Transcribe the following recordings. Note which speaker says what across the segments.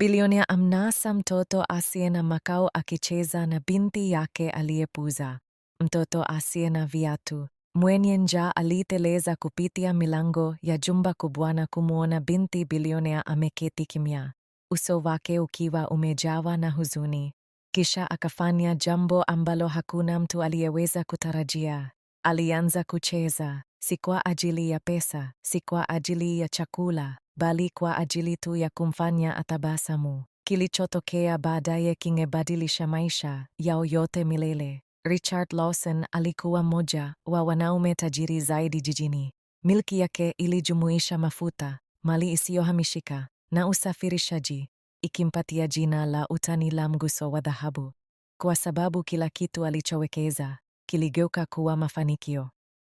Speaker 1: Bilionea amnasa mtoto asiye na makao akicheza na binti yake aliyepuza. Mtoto asiye na viatu mwenye njaa aliteleza kupitia milango ya jumba kubwa na kumwona binti bilionea ameketi kimya, uso wake ukiwa umejawa na huzuni. Kisha akafanya jambo ambalo hakuna mtu aliyeweza kutarajia. Alianza kucheza, si kwa ajili ya pesa, si kwa ajili ya chakula, bali kwa ajili tu ya kumfanya atabasamu. Kilichotokea baadaye kingebadilisha maisha yao yote milele. Richard Lawson alikuwa mmoja wa wanaume tajiri zaidi jijini. Milki yake ilijumuisha mafuta, mali isiyohamishika na usafirishaji, ikimpatia jina la utani la mguso wa dhahabu, kwa sababu kila kitu alichowekeza kiligeuka kuwa mafanikio.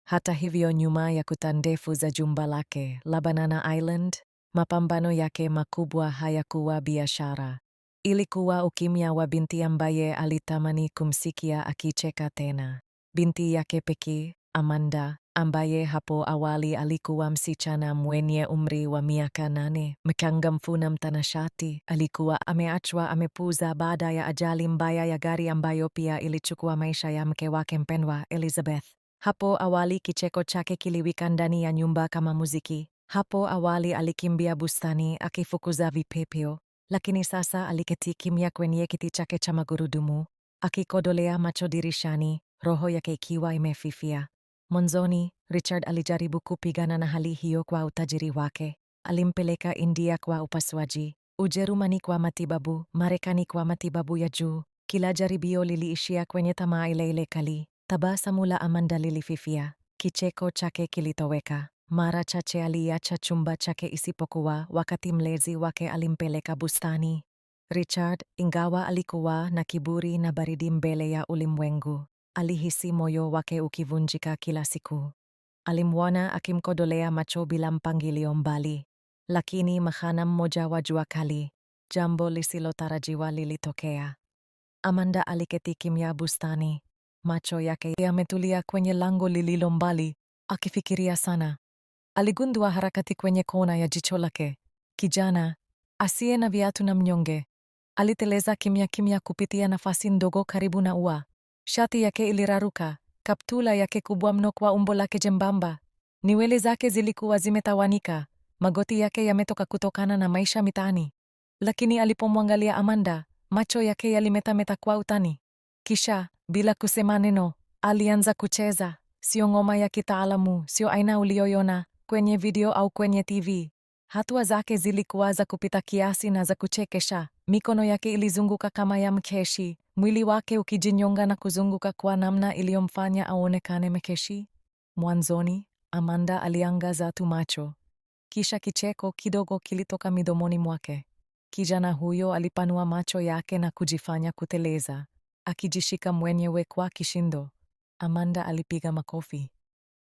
Speaker 1: Hata hivyo, nyuma ya kuta ndefu za jumba lake la Banana Island Mapambano yake makubwa hayakuwa biashara. Ilikuwa ukimya wa binti ambaye alitamani kumsikia akicheka tena. Binti yake pekee, Amanda, ambaye hapo awali alikuwa msichana mwenye umri wa miaka nane, mchangamfu na mtanashati, alikuwa ameachwa amepuuza baada ya ajali mbaya ya gari ambayo pia ilichukua maisha ya mke wake mpendwa Elizabeth. Hapo awali kicheko chake kiliwika ndani ya nyumba kama muziki, hapo awali alikimbia bustani akifukuza vipepeo, lakini sasa aliketi kimya kwenye kiti chake cha magurudumu, akikodolea macho dirishani, roho yake ikiwa imefifia. Mwanzoni, Richard alijaribu kupigana na hali hiyo kwa utajiri wake. Alimpeleka India kwa upasuaji, Ujerumani kwa matibabu, Marekani kwa matibabu ya juu. Kila jaribio liliishia kwenye tamaa ile ile kali. Tabasamu la Amanda lilififia, kicheko chake kilitoweka. Mara chache aliacha chumba chake isipokuwa wakati mlezi wake alimpeleka bustani. Richard, ingawa alikuwa na kiburi na baridi mbele ya ulimwengu, alihisi moyo wake ukivunjika kila siku. Alimwona akimkodolea macho bila mpangilio mbali, lakini mchana mmoja wa jua kali, jambo lisilotarajiwa lilitokea. Amanda aliketi kimya bustani, macho yake yametulia kwenye lango lililo mbali, akifikiria sana aligundua harakati kwenye kona ya jicho lake. Kijana asiye na viatu na mnyonge aliteleza kimya kimya kupitia nafasi ndogo karibu na ua. Shati yake iliraruka, kaptula yake kubwa mno kwa umbo lake jembamba, nywele zake zilikuwa zimetawanika, magoti yake yametoka kutokana na maisha mitaani. Lakini alipomwangalia Amanda, macho yake yalimetameta kwa utani. Kisha bila kusema neno alianza kucheza. Sio ngoma ya kitaalamu, sio aina uliyoyona, kwenye video au kwenye TV. Hatua zake zilikuwa za kupita kiasi na za kuchekesha. Mikono yake ilizunguka kama ya mkeshi, mwili wake ukijinyonga na kuzunguka kwa namna iliyomfanya aonekane mkeshi. Mwanzoni Amanda aliangaza tu macho, kisha kicheko kidogo kilitoka midomoni mwake. Kijana huyo alipanua macho yake na kujifanya kuteleza, akijishika mwenyewe kwa kishindo. Amanda alipiga makofi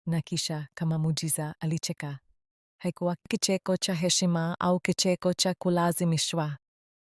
Speaker 1: na kisha kama mujiza alicheka. Haikuwa kicheko cha heshima au kicheko cha kulazimishwa.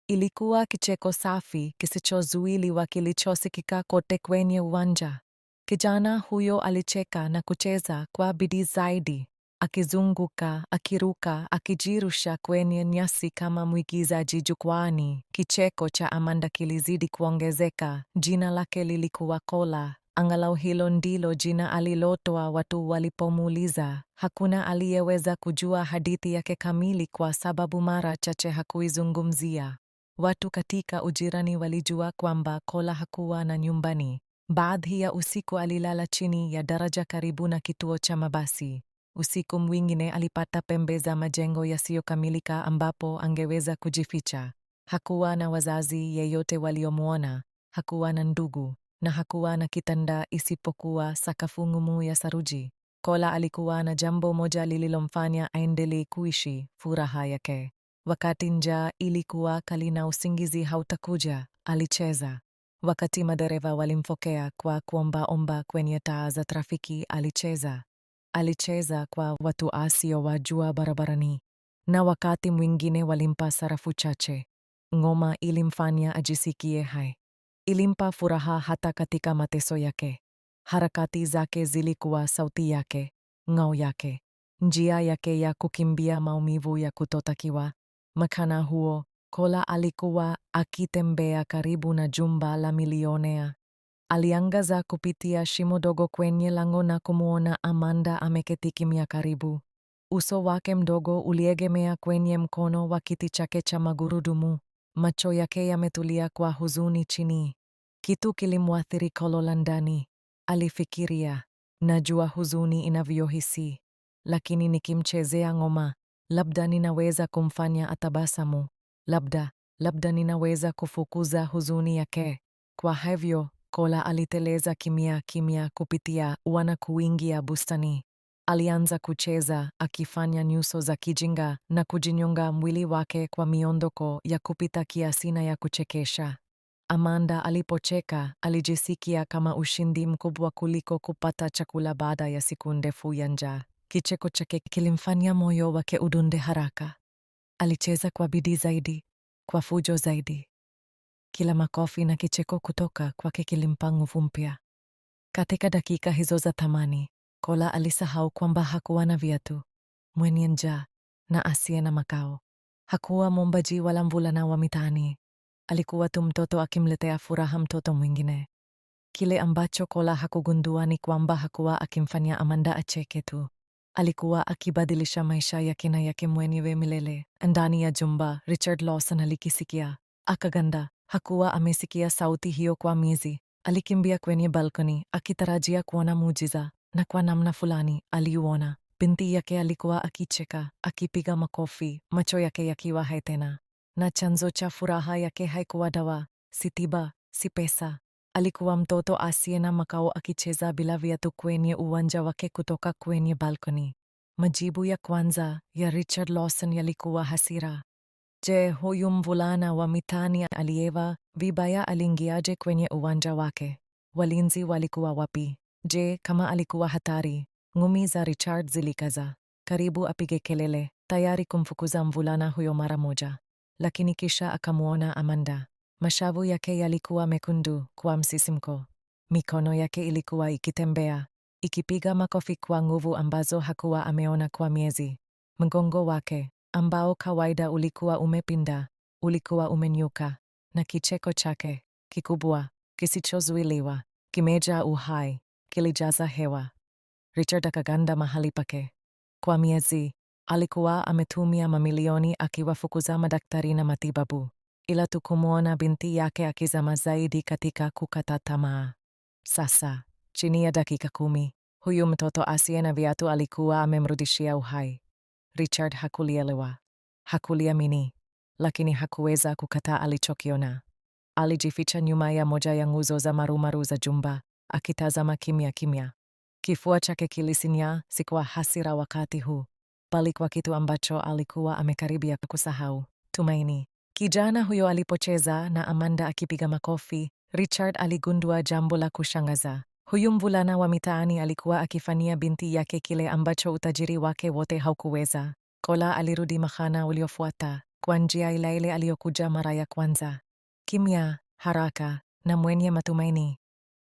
Speaker 1: Ilikuwa kicheko safi kisichozuiliwa kilichosikika kote kwenye uwanja. Kijana huyo alicheka na kucheza kwa bidii zaidi, akizunguka, akiruka, akijirusha kwenye nyasi kama mwigizaji jukwani. Kicheko cha Amanda kilizidi kuongezeka. Jina lake lilikuwa Kola, Angalau hilo ndilo jina alilotoa watu walipomuuliza. Hakuna aliyeweza kujua hadithi yake kamili kwa sababu mara chache hakuizungumzia. Watu katika ujirani walijua kwamba Kola hakuwa na nyumbani. Baadhi ya usiku alilala chini ya daraja karibu na kituo cha mabasi. Usiku mwingine alipata pembe za majengo yasiyokamilika ambapo angeweza kujificha. Hakuwa na wazazi yeyote waliomwona, hakuwa na ndugu na hakuwa na kitanda isipokuwa sakafu ngumu ya saruji. Kola alikuwa na jambo moja lililomfanya aendelee kuishi, furaha yake. Wakati njaa ilikuwa kali na usingizi hautakuja, alicheza. Wakati madereva walimfokea kwa kuomba-omba kwenye taa za trafiki, alicheza. Alicheza kwa watu asiyowajua barabarani, na wakati mwingine walimpa sarafu chache. Ngoma ilimfanya ajisikie hai ilimpa furaha hata katika mateso yake. Harakati zake zilikuwa sauti yake, ngao yake, njia yake ya kukimbia maumivu ya kutotakiwa. Mchana huo Kola alikuwa akitembea karibu na jumba la milionea. Aliangaza kupitia shimo dogo kwenye lango na kumwona Amanda ameketi kimya karibu. Uso wake mdogo uliegemea kwenye mkono wa kiti chake cha magurudumu. Macho yake yametulia kwa huzuni chini. Kitu kilimwathiri Kolo la ndani, alifikiria. Najua huzuni inavyohisi, lakini nikimchezea ngoma, labda ninaweza kumfanya atabasamu, labda labda ninaweza kufukuza huzuni yake. Kwa hivyo Kola aliteleza kimya kimya kupitia ua kuingia bustani alianza kucheza akifanya nyuso za kijinga na kujinyonga mwili wake kwa miondoko ya kupita kiasi na ya kuchekesha. Amanda alipocheka, alijisikia kama ushindi mkubwa kuliko kupata chakula baada ya siku ndefu ya njaa. Kicheko chake kilimfanya moyo wake udunde haraka. Alicheza kwa bidii zaidi, kwa fujo zaidi. Kila makofi na kicheko kutoka kwake kilimpa nguvu mpya. Katika dakika hizo za thamani, Kola alisahau kwamba hakuwa na viatu, mwenye njaa na asiye na makao. Hakuwa mwombaji wala mvulana wa mitaani. Alikuwa tu mtoto akimletea furaha mtoto mwingine. Kile ambacho Kola hakugundua ni kwamba hakuwa akimfanya Amanda acheke tu, alikuwa akibadilisha maisha yake na yake mwenyewe milele. Ndani ya jumba, Richard Lawson alikisikia akaganda. Hakuwa amesikia sauti hiyo kwa miezi. Alikimbia kwenye balkoni akitarajia kuona muujiza, na kwa namna fulani aliuona. Binti yake alikuwa akicheka, akipiga makofi, macho yake yakiwa hai tena, na chanzo cha furaha yake haikuwa dawa, si tiba, si pesa. Alikuwa mtoto asiye na makao akicheza bila viatu kwenye uwanja wake kutoka kwenye balkoni. Majibu ya kwanza ya Richard Lawson yalikuwa hasira. Je, huyu mvulana wa mitaani aliyeva vibaya aliingiaje kwenye uwanja wake? Walinzi walikuwa wapi? Je, kama alikuwa hatari? Ngumi za Richard zilikaza. Karibu apige kelele, tayari kumfukuza mvulana huyo mara moja, lakini kisha akamwona Amanda. Mashavu yake yalikuwa mekundu kwa msisimko, mikono yake ilikuwa ikitembea, ikipiga makofi kwa nguvu ambazo hakuwa ameona kwa miezi. Mgongo wake ambao kawaida ulikuwa umepinda, ulikuwa umenyuka, na kicheko chake kikubwa kisichozuiliwa kimejaa uhai kilijaza hewa. Richard akaganda mahali pake. Kwa miezi alikuwa ametumia mamilioni akiwafukuza madaktari na matibabu, ila tu kumwona binti yake akizama zaidi katika kukata tamaa. Sasa chini ya dakika kumi, huyu mtoto asiye na viatu alikuwa amemrudishia uhai. Richard hakulielewa, hakuliamini, lakini hakuweza kukataa alichokiona. Alijificha nyuma ya moja ya nguzo za marumaru za jumba, akitazama kimya kimya. Kifua chake kilisinya, si kwa hasira wakati huu, bali kwa kitu ambacho alikuwa amekaribia kusahau: tumaini. Kijana huyo alipocheza na Amanda akipiga makofi, Richard aligundua jambo la kushangaza. Huyu mvulana wa mitaani alikuwa akifanyia binti yake kile ambacho utajiri wake wote haukuweza. Kola alirudi mchana uliofuata kwa njia ile ile aliyokuja mara ya kwanza, kimya, haraka na mwenye matumaini.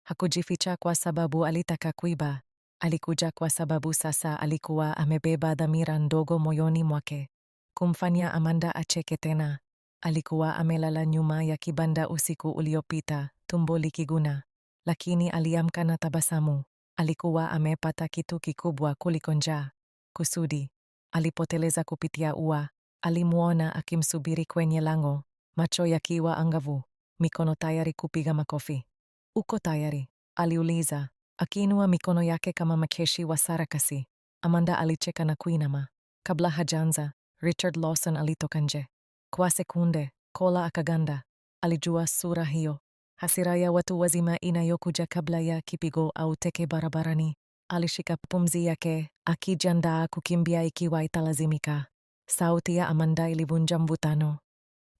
Speaker 1: Hakujificha kwa sababu alitaka kuiba. Alikuja kwa sababu sasa alikuwa amebeba dhamira ndogo moyoni mwake, kumfanya Amanda acheke tena. Alikuwa amelala nyuma ya kibanda usiku uliopita, tumbo likiguna, lakini aliamka na tabasamu. Alikuwa amepata kitu kikubwa kuliko njaa, kusudi. Alipoteleza kupitia ua, alimwona akimsubiri kwenye lango, macho yakiwa angavu, mikono tayari kupiga makofi. Uko tayari? aliuliza akiinua mikono yake kama makeshi wa sarakasi. Amanda alicheka na kuinama. Kabla hajaanza, Richard Lawson alitoka nje. Kwa sekunde Kola akaganda. Alijua sura hiyo, hasira ya watu wazima inayokuja kabla ya kipigo au teke barabarani. Alishika pumzi yake, akijiandaa kukimbia ikiwa italazimika. Sauti ya Amanda ilivunja mvutano.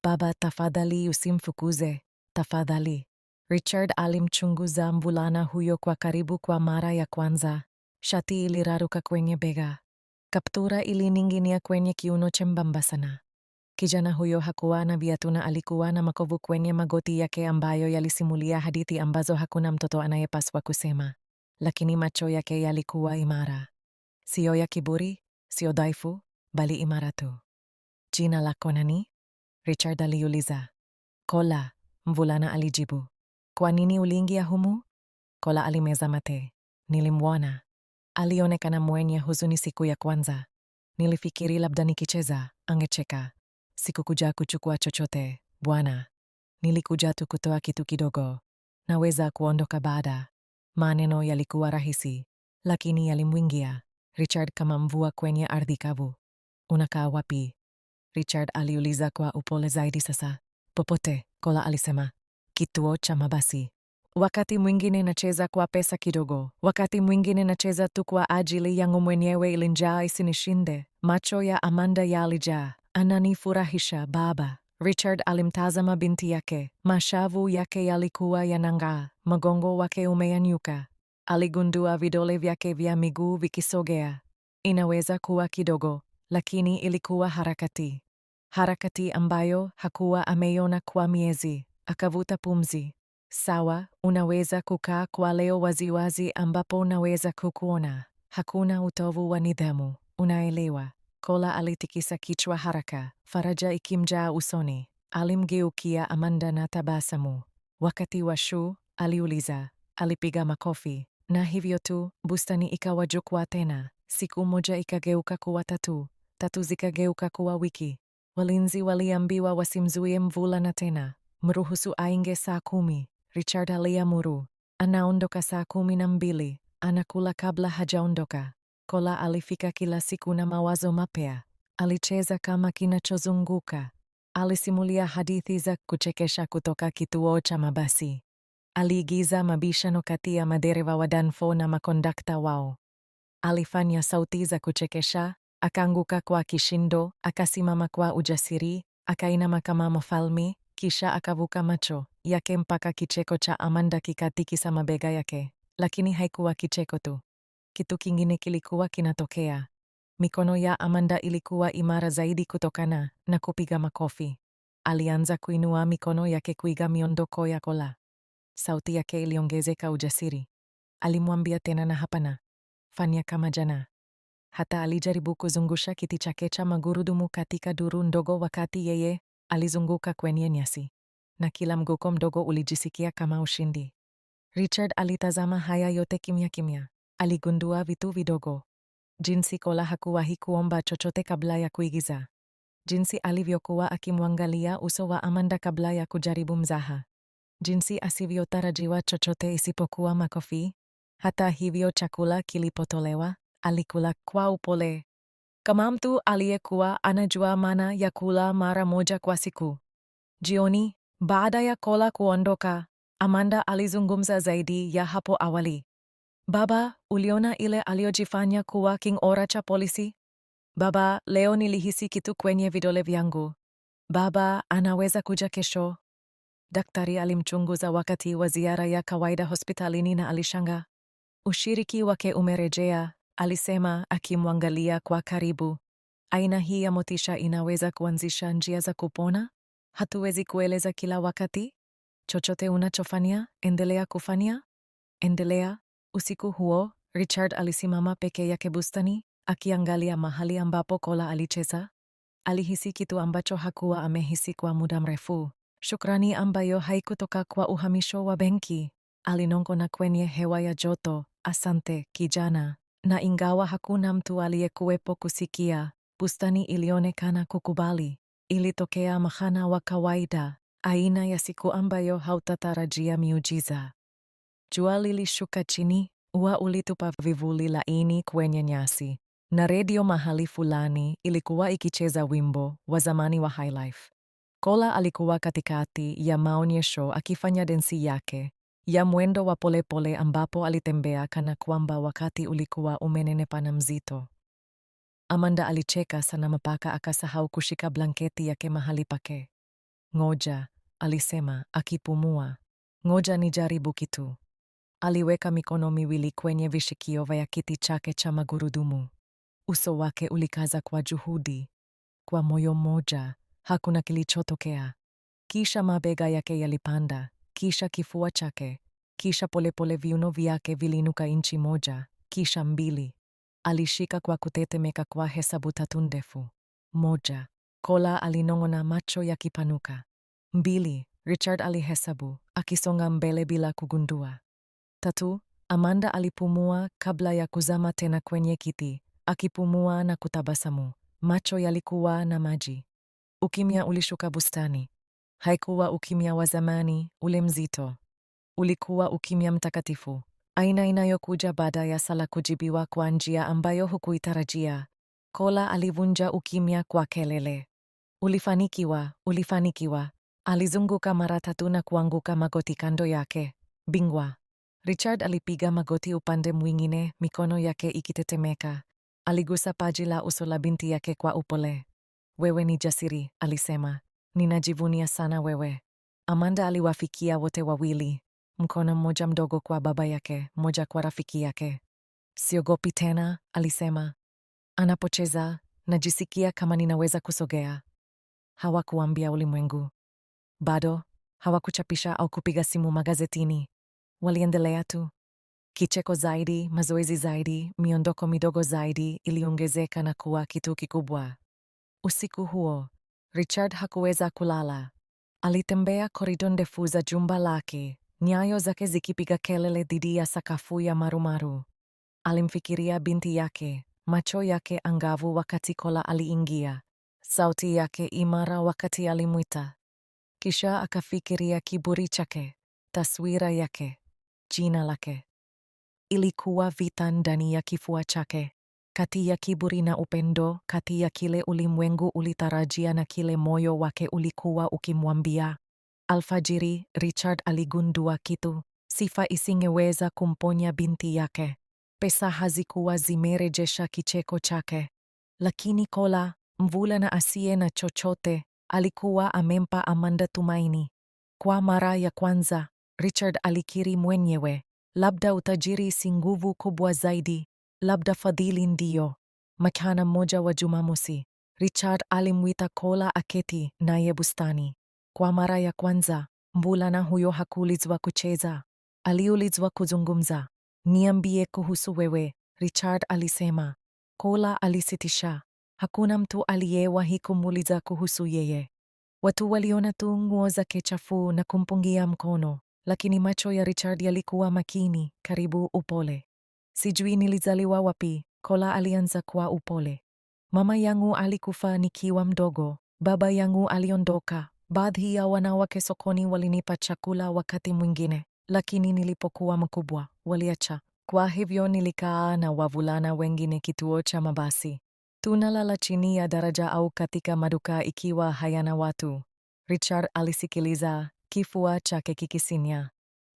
Speaker 1: Baba, tafadhali usimfukuze, tafadhali. Richard alimchunguza mvulana huyo kwa karibu kwa mara ya kwanza. Shati iliraruka kwenye bega, kaptura ilining'inia kwenye kiuno chembamba sana. Kijana huyo hakuwa na viatu na alikuwa na makovu kwenye magoti yake ambayo yalisimulia hadithi ambazo hakuna mtoto anayepaswa kusema, lakini macho yake yalikuwa imara, siyo ya kiburi, siyo dhaifu, bali imara tu. Jina lako nani? Richard aliuliza. Kola, mvulana alijibu. Kwa nini uliingia humu? Kola alimeza mate. Nilimwona, alionekana mwenye huzuni siku ya kwanza. Nilifikiri labda nikicheza angecheka. Sikukuja kuchukua chochote bwana, nilikuja tu kutoa kitu kidogo. Naweza kuondoka baada. Maneno yalikuwa rahisi, lakini yalimwingia Richard kama mvua kwenye ardhi kavu. Unakaa wapi? Richard aliuliza kwa upole zaidi sasa. Popote, Kola alisema kituo cha mabasi. Wakati mwingine nacheza kwa pesa kidogo, wakati mwingine nacheza tu kwa ajili yangu mwenyewe ili njaa isinishinde. Macho ya Amanda yalijaa. Ananifurahisha baba. Richard alimtazama binti yake. Mashavu yake yalikuwa yanang'aa, mgongo wake umeyanyuka. Aligundua vidole vyake vya miguu vikisogea. Inaweza kuwa kidogo, lakini ilikuwa harakati, harakati ambayo hakuwa ameiona kwa miezi akavuta pumzi. Sawa, unaweza kukaa kwa leo waziwazi, ambapo unaweza kukuona. Hakuna utovu wa nidhamu, unaelewa? Kola alitikisa kichwa haraka, faraja ikimjaa usoni. Alimgeukia Amanda na tabasamu. Wakati wa shu aliuliza. Alipiga makofi, na hivyo tu bustani ikawa jukwaa tena. Siku moja ikageuka kuwa tatu, tatu zikageuka kuwa wiki. Walinzi waliambiwa wasimzuie mvulana tena mruhusu ainge saa kumi. Richard aliamuru. Anaondoka saa kumi na mbili. Anakula kabla hajaondoka. Kola alifika kila siku na mawazo mapya. Alicheza kama kinachozunguka. Alisimulia hadithi za kuchekesha kutoka kituo cha mabasi. Aliigiza mabishano kati ya madereva wa Danfo na makondakta wao. Alifanya sauti za kuchekesha, akaanguka kwa kishindo, akasimama kwa ujasiri, akainama kama mfalme, kisha akavuka macho yake mpaka kicheko cha Amanda kikatikisa mabega yake. Lakini haikuwa kicheko tu, kitu kingine kilikuwa kinatokea. Mikono ya Amanda ilikuwa imara zaidi kutokana na kupiga makofi. Alianza kuinua mikono yake kuiga miondoko ya kola. Sauti yake iliongezeka ujasiri. Alimwambia tena na hapana, fanya kama jana. Hata alijaribu kuzungusha kiti chake cha magurudumu katika duru ndogo, wakati yeye alizunguka kwenye nyasi na kila mguko mdogo ulijisikia kama ushindi. Richard alitazama haya yote kimya kimya. Aligundua vitu vidogo: jinsi Kola hakuwahi kuomba chochote kabla ya kuigiza, jinsi alivyokuwa akimwangalia uso wa Amanda kabla ya kujaribu mzaha, jinsi asivyotarajiwa chochote isipokuwa makofi. Hata hivyo, chakula kilipotolewa, alikula kwa upole kama mtu aliyekuwa anajua maana ya kula mara moja kwa siku. Jioni, baada ya Kola kuondoka, Amanda alizungumza zaidi ya hapo awali. Baba, uliona ile aliyojifanya kuwa king'ora cha polisi? Baba, leo nilihisi kitu kwenye vidole vyangu. Baba, anaweza kuja kesho? Daktari alimchunguza wakati wa ziara ya kawaida hospitalini na alishanga. Ushiriki wake umerejea, alisema akimwangalia kwa karibu. Aina hii ya motisha inaweza kuanzisha njia za kupona. Hatuwezi kueleza kila wakati. Chochote unachofanya, endelea kufanya, endelea. Usiku huo Richard alisimama peke yake bustani, akiangalia mahali ambapo Kola alicheza. Alihisi kitu ambacho hakuwa amehisi kwa muda mrefu, shukrani ambayo haikutoka kwa uhamisho wa benki. Alinong'ona kwenye hewa ya joto, asante kijana na ingawa hakuna mtu aliyekuwepo kusikia, bustani ilionekana kukubali. Ilitokea mahana wa kawaida, aina ya siku ambayo hautatarajia miujiza. Jua lilishuka chini, ua ulitupa vivuli laini kwenye nyasi, na redio mahali fulani ilikuwa ikicheza wimbo wa zamani wa highlife. Kola alikuwa katikati ya maonyesho akifanya densi yake, ya mwendo wa polepole ambapo alitembea kana kwamba wakati ulikuwa umenenepa na mzito. Amanda alicheka sana mpaka akasahau kushika blanketi yake mahali pake. Ngoja, alisema akipumua. Ngoja nijaribu kitu. Aliweka mikono miwili kwenye vishikio vya kiti chake cha magurudumu. Uso wake ulikaza kwa juhudi. Kwa moyo mmoja, hakuna kilichotokea. Kisha mabega yake yalipanda kisha kifua chake, kisha polepole viuno vyake viliinuka inchi moja, kisha mbili. Alishika kwa kutetemeka kwa hesabu tatu ndefu. Moja, Kola alinong'ona, macho yakipanuka. Mbili, Richard alihesabu akisonga mbele bila kugundua. Tatu, Amanda alipumua kabla ya kuzama tena kwenye kiti, akipumua na kutabasamu, macho yalikuwa na maji. Ukimya ulishuka bustani. Haikuwa ukimya wa zamani ule mzito, ulikuwa ukimya mtakatifu, aina inayokuja baada ya sala kujibiwa kwa njia ambayo hukuitarajia. Kola alivunja ukimya kwa kelele, ulifanikiwa, ulifanikiwa! Alizunguka mara tatu na kuanguka magoti kando yake. Bingwa! Richard alipiga magoti upande mwingine, mikono yake ikitetemeka. Aligusa paji la uso la binti yake kwa upole. Wewe ni jasiri, alisema. Ninajivunia sana wewe. Amanda aliwafikia wote wawili, mkono mmoja mdogo kwa baba yake, mmoja kwa rafiki yake. Siogopi tena, alisema. Anapocheza najisikia kama ninaweza kusogea. Hawakuambia ulimwengu bado, hawakuchapisha au kupiga simu magazetini. Waliendelea tu. Kicheko zaidi, mazoezi zaidi, miondoko midogo zaidi iliongezeka na kuwa kitu kikubwa. Usiku huo Richard hakuweza kulala. Alitembea korido ndefu za jumba lake, nyayo zake zikipiga kelele dhidi ya sakafu ya marumaru. Alimfikiria binti yake, macho yake angavu wakati Kola aliingia, sauti yake imara wakati alimwita. Kisha akafikiria kiburi chake, taswira yake, jina lake. Ilikuwa vita ndani ya kifua chake kati ya kiburi na upendo, kati ya kile ulimwengu ulitarajia na kile moyo wake ulikuwa ukimwambia. Alfajiri, Richard aligundua kitu: sifa isingeweza kumponya binti yake. Pesa hazikuwa zimerejesha kicheko chake, lakini Kola, mvulana asiye na chochote, alikuwa amempa Amanda tumaini. Kwa mara ya kwanza, Richard alikiri mwenyewe, labda utajiri si nguvu kubwa zaidi Labda Fadhili ndiyo. makana mmoja wa Jumamosi, Richard alimwita Kola aketi naye bustani. Kwa mara ya kwanza, mvulana huyo hakuulizwa kucheza, aliulizwa kuzungumza. Niambie kuhusu wewe, Richard alisema. Kola alisitisha. Hakuna mtu aliyewahi kumuuliza kuhusu yeye. Watu waliona tu nguo zake chafu na kumpungia mkono, lakini macho ya Richard yalikuwa makini, karibu upole. Sijui nilizaliwa wapi, Kola alianza kwa upole. Mama yangu alikufa nikiwa mdogo, baba yangu aliondoka, baadhi ya wanawake sokoni walinipa chakula wakati mwingine, lakini nilipokuwa mkubwa waliacha. Kwa hivyo nilikaa na wavulana wengine kituo cha mabasi, tunalala chini ya daraja au katika maduka ikiwa hayana watu. Richard alisikiliza, kifua chake kikisinya.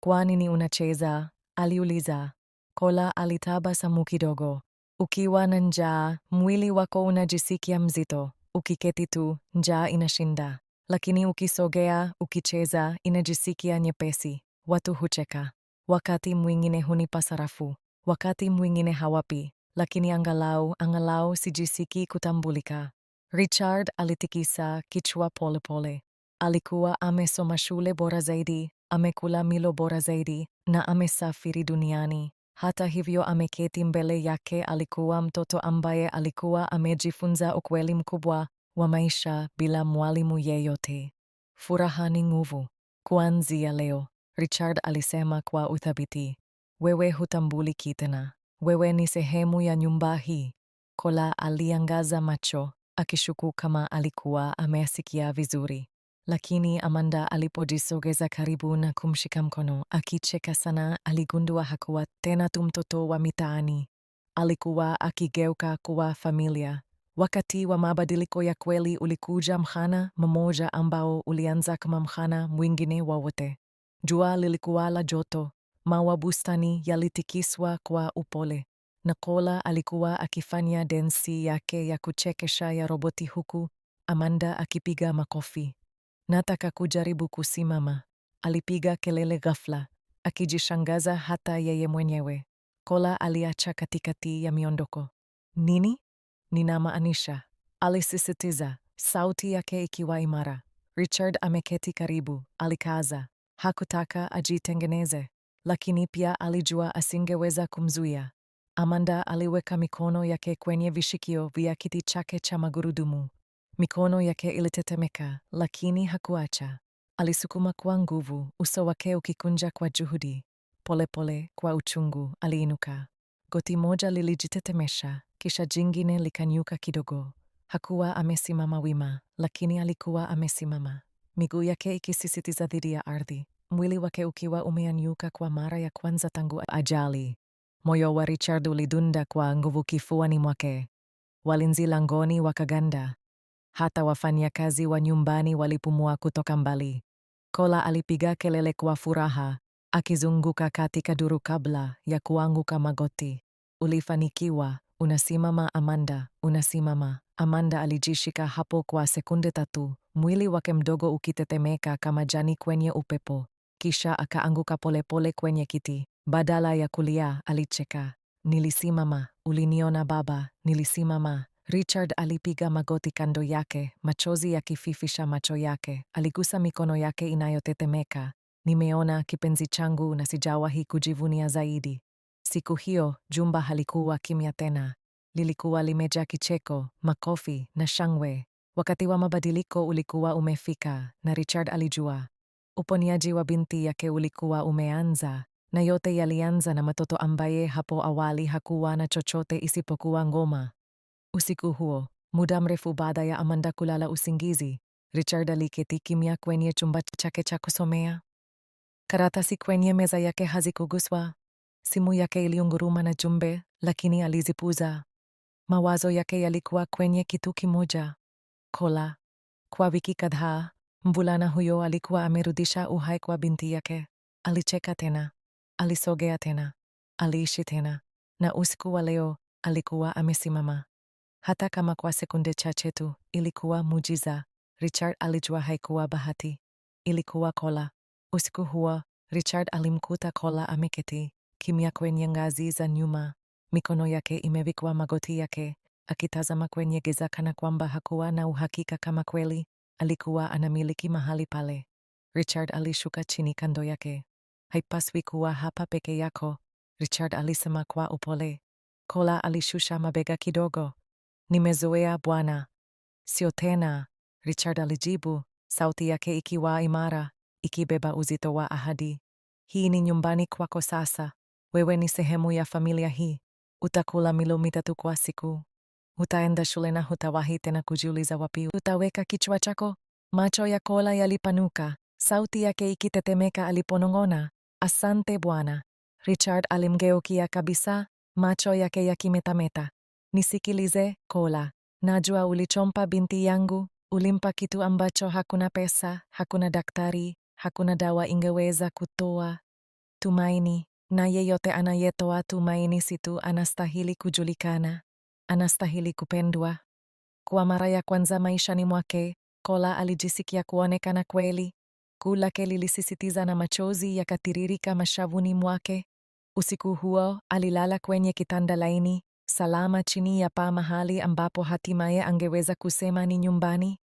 Speaker 1: Kwa nini unacheza? Aliuliza. Kola alitabasamu kidogo. Ukiwa na njaa, mwili wako unajisikia mzito. Ukiketi tu, njaa inashinda, lakini ukisogea, ukicheza, inajisikia nyepesi. Watu hucheka. Wakati mwingine hunipa sarafu, wakati mwingine hawapi, lakini angalau, angalau sijisiki kutambulika. Richard alitikisa kichwa polepole. Alikuwa amesoma shule bora zaidi, amekula milo bora zaidi, na amesafiri duniani. Hata hivyo, ameketi mbele yake alikuwa mtoto ambaye alikuwa amejifunza ukweli mkubwa wa maisha bila mwalimu yeyote. Furaha ni nguvu. Kuanzia leo, Richard alisema kwa uthabiti, wewe hutambuliki tena, wewe ni sehemu ya nyumba hii. Kola aliangaza macho, akishuku kama alikuwa amesikia vizuri. Lakini Amanda alipojisogeza karibu na kumshika mkono akicheka sana, aligundua hakuwa tena tu mtoto wa mitaani. Alikuwa akigeuka kuwa familia. Wakati wa mabadiliko ya kweli ulikuja mchana mmoja ambao ulianza kama mchana mwingine wowote. Jua lilikuwa la joto, maua bustani yalitikiswa kwa upole, na Kola alikuwa akifanya densi yake ya kuchekesha ya roboti huku Amanda akipiga makofi. Nataka kujaribu kusimama, alipiga kelele ghafla, akijishangaza hata yeye mwenyewe. Kola aliacha katikati ya miondoko. Nini ninamaanisha? alisisitiza, sauti yake ikiwa imara. Richard ameketi karibu, alikaza. Hakutaka ajitengeneze, lakini pia alijua asingeweza kumzuia. Amanda aliweka mikono yake kwenye vishikio vya kiti chake cha magurudumu, Mikono yake ilitetemeka, lakini hakuacha. Alisukuma kwa nguvu, uso wake ukikunja kwa juhudi. Polepole pole, kwa uchungu, aliinuka. Goti moja lilijitetemesha, kisha jingine likanyuka kidogo. Hakuwa amesimama wima, lakini alikuwa amesimama, miguu yake ikisisitiza dhidi ya ardhi, mwili wake ukiwa umeanyuka kwa mara ya kwanza tangu ajali. Moyo wa Richard ulidunda kwa nguvu kifuani mwake. Walinzi langoni wakaganda, hata wafanyakazi wa nyumbani walipumua kutoka mbali. Kola alipiga kelele kwa furaha, akizunguka katika duru kabla ya kuanguka magoti. Ulifanikiwa, unasimama Amanda, unasimama. Amanda alijishika hapo kwa sekunde tatu, mwili wake mdogo ukitetemeka kama jani kwenye upepo. Kisha akaanguka polepole kwenye kiti. Badala ya kulia, alicheka. Nilisimama, uliniona baba, nilisimama. Richard alipiga magoti kando yake, machozi yakififisha macho yake. Aligusa mikono yake inayotetemeka. Nimeona kipenzi changu na sijawahi kujivunia zaidi. Siku hiyo jumba halikuwa kimya tena. Lilikuwa limejaa kicheko, makofi na shangwe. Wakati wa mabadiliko ulikuwa umefika, na Richard alijua uponiaji wa binti yake ulikuwa umeanza, na yote yalianza na mtoto ambaye hapo awali hakuwa na chochote isipokuwa ngoma. Usiku huo, muda mrefu baada ya Amanda kulala usingizi, Richard aliketi kimya kwenye chumba chake cha kusomea. Karatasi kwenye meza yake hazikuguswa. Simu yake iliunguruma na jumbe, lakini alizipuza. Mawazo yake yalikuwa kwenye kitu kimoja: Kola. Kwa wiki kadhaa, mvulana huyo alikuwa amerudisha uhai kwa binti yake. Alicheka tena, alisogea tena, aliishi tena, na usiku wa leo alikuwa amesimama hata kama kwa sekunde chache tu. Ilikuwa mujiza Richard alijua haikuwa bahati, ilikuwa Kola. Usiku huo Richard alimkuta Kola ameketi kimya kwenye ngazi za nyuma, mikono yake imevikwa magoti yake, akitazama kwenye giza kana kwamba hakuwa na uhakika kama kweli alikuwa anamiliki mahali pale. Richard alishuka chini kando yake. Haipaswi kuwa hapa peke yako, Richard alisema kwa upole. Kola alishusha mabega kidogo. Nimezoea Bwana, sio tena, Richard alijibu, sauti yake ikiwa imara, ikibeba uzito wa ahadi. Hii ni nyumbani kwako sasa. Wewe ni sehemu ya familia hii. Utakula milo mitatu kwa siku, hutaenda shule na hutawahi tena kujiuliza wapi utaweka kichwa chako. Macho ya Kola yalipanuka, sauti yake ikitetemeka aliponong'ona, asante Bwana. Richard alimgeukia kabisa, macho yake yakimetameta. Nisikilize, Kola. Najua ulichompa binti yangu, ulimpa kitu ambacho hakuna pesa, hakuna daktari, hakuna dawa ingeweza kutoa. Tumaini, na yeyote anayetoa tumaini si tu anastahili kujulikana, anastahili kupendwa. Kwa mara ya kwanza maishani mwake, Kola alijisikia kuonekana kweli. Kuu lake lilisisitiza na machozi yakatiririka mashavuni mwake. Usiku huo alilala kwenye kitanda laini, salama chini ya paa, mahali ambapo hatimaye angeweza kusema ni nyumbani.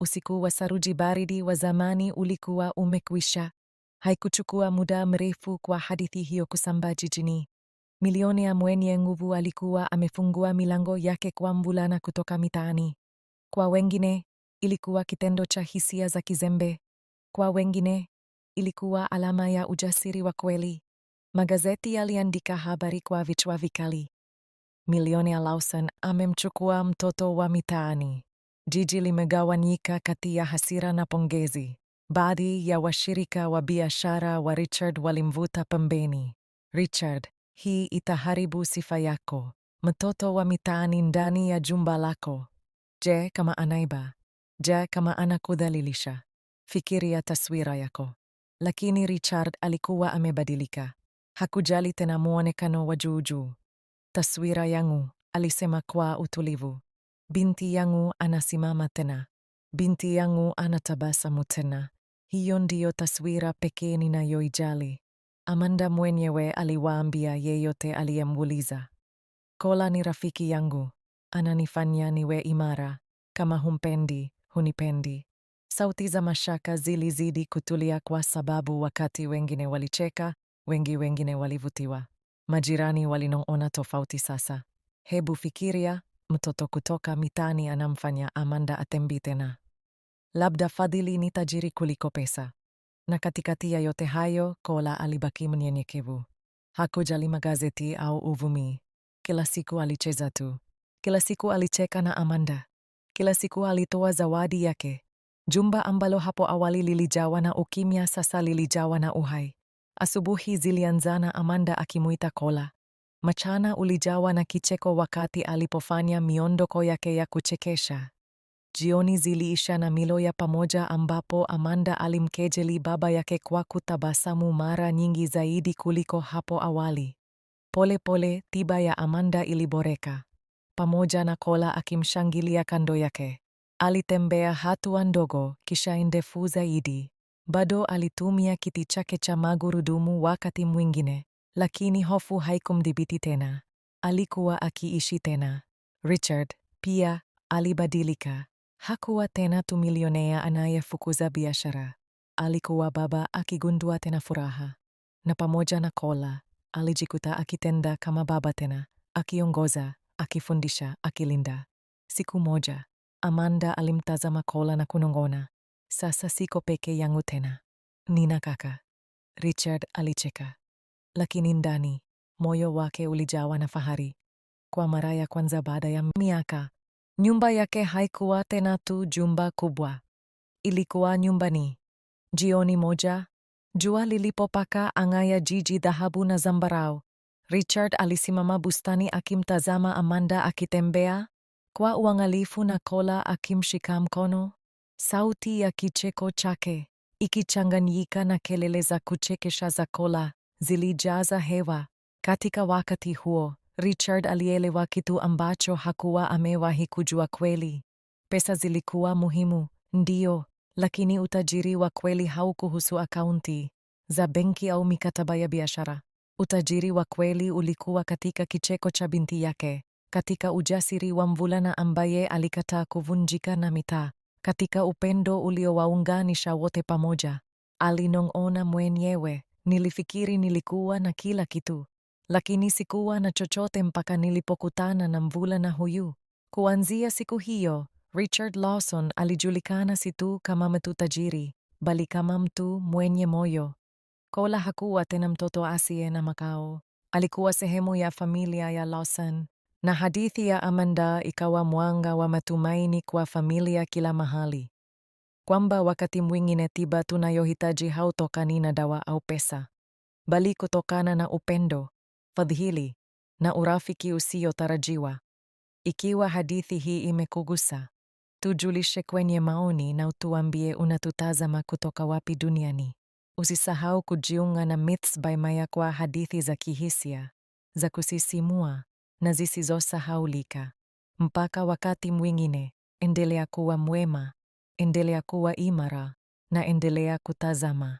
Speaker 1: Usiku wa saruji baridi wa zamani ulikuwa umekwisha. Haikuchukua muda mrefu kwa hadithi hiyo kusambaa jijini. Milionea mwenye nguvu alikuwa amefungua milango yake kwa mvulana kutoka mitaani. Kwa wengine ilikuwa kitendo cha hisia za kizembe, kwa wengine ilikuwa alama ya ujasiri wa kweli. Magazeti yaliandika habari kwa vichwa vikali. Milionia Lawson amemchukua mtoto wa mitaani. Jiji limegawanyika kati ya hasira na pongezi. Baadhi ya washirika wa biashara wa Richard walimvuta pembeni. Richard, hii itaharibu sifa yako. Mtoto wa mitaani ndani ya jumba lako. Je, kama anaiba? Je, kama anakudhalilisha? Fikiria taswira yako. Lakini Richard alikuwa amebadilika. Hakujali tena muonekano wa juujuu. Taswira yangu, alisema kwa utulivu. Binti yangu anasimama tena. Binti yangu anatabasamu tena. Hiyo ndiyo taswira pekee ninayoijali. Amanda mwenyewe aliwaambia yeyote aliyemuuliza. Kola ni rafiki yangu, ananifanya niwe imara. Kama humpendi, hunipendi. Sauti za mashaka zilizidi kutulia kwa sababu wakati wengine walicheka, wengi wengine walivutiwa. Majirani walinong'ona tofauti sasa. Hebu fikiria, mtoto kutoka mitaani anamfanya Amanda atembee tena. Labda Fadhili ni tajiri kuliko pesa. Na katikati ya yote hayo, Kola alibaki mnyenyekevu. Hakujali magazeti au uvumi. Kila siku alicheza tu. Kila siku alicheka na Amanda. Kila siku alitoa zawadi yake. Jumba ambalo hapo awali lilijawa na ukimya sasa lilijawa na uhai. Asubuhi zilianzana Amanda akimuita Kola. machana ulijawa na kicheko wakati alipofanya miondoko yake ya kuchekesha. Jioni ziliisha na milo ya pamoja ambapo Amanda alimkejeli baba yake kwa kutabasamu mara nyingi zaidi kuliko hapo awali. Pole pole tiba ya Amanda iliboreka. Pamoja na Kola akimshangilia kando yake, alitembea hatua ndogo kisha ndefu zaidi bado alitumia kiti chake cha magurudumu wakati mwingine, lakini hofu haikumdhibiti tena. Alikuwa akiishi tena. Richard pia alibadilika. Hakuwa tena tu milionea anayefukuza biashara. Alikuwa baba akigundua tena furaha, na pamoja na Kola alijikuta akitenda kama baba tena, akiongoza, akifundisha, akilinda. Siku moja Amanda alimtazama Kola na kunong'ona, sasa siko peke yangu tena, nina kaka. Richard alicheka, lakini ndani moyo wake ulijawa na fahari. Kwa mara ya kwanza baada ya miaka, nyumba yake haikuwa tena tu jumba kubwa, ilikuwa nyumbani. Jioni moja, jua lilipopaka anga ya jiji dhahabu na zambarau, Richard alisimama bustani akimtazama Amanda akitembea kwa uangalifu na Kola akimshika mkono sauti ya kicheko chake ikichanganyika na kelele za kuchekesha za Kola zilijaza hewa. Katika wakati huo, Richard alielewa kitu ambacho hakuwa amewahi kujua kweli. Pesa zilikuwa muhimu, ndio lakini utajiri wa kweli haukuhusu akaunti za benki au mikataba ya biashara. Utajiri wa kweli ulikuwa katika kicheko cha binti yake, katika ujasiri wa mvulana ambaye alikataa kuvunjika na mitaa katika upendo uliowaunganisha wote pamoja. Alinong'ona mwenyewe, nilifikiri nilikuwa na kila kitu, lakini sikuwa na chochote mpaka nilipokutana na mvulana huyu. Kuanzia siku hiyo, Richard Lawson alijulikana si tu kama mtu tajiri, bali kama mtu mwenye moyo. Kola hakuwa tena mtoto asiye na makao. Alikuwa sehemu ya familia ya Lawson, na hadithi ya Amanda ikawa mwanga wa matumaini kwa familia kila mahali, kwamba wakati mwingine tiba tunayohitaji hautokani na dawa au pesa, bali kutokana na upendo, fadhili na urafiki usiyotarajiwa. Ikiwa hadithi hii imekugusa, tujulishe kwenye maoni na utuambie unatutazama kutoka wapi duniani. Usisahau kujiunga na Myths by Maya kwa hadithi za kihisia za kusisimua na zisizosahaulika. Mpaka wakati mwingine, endelea kuwa mwema, endelea kuwa imara na endelea kutazama.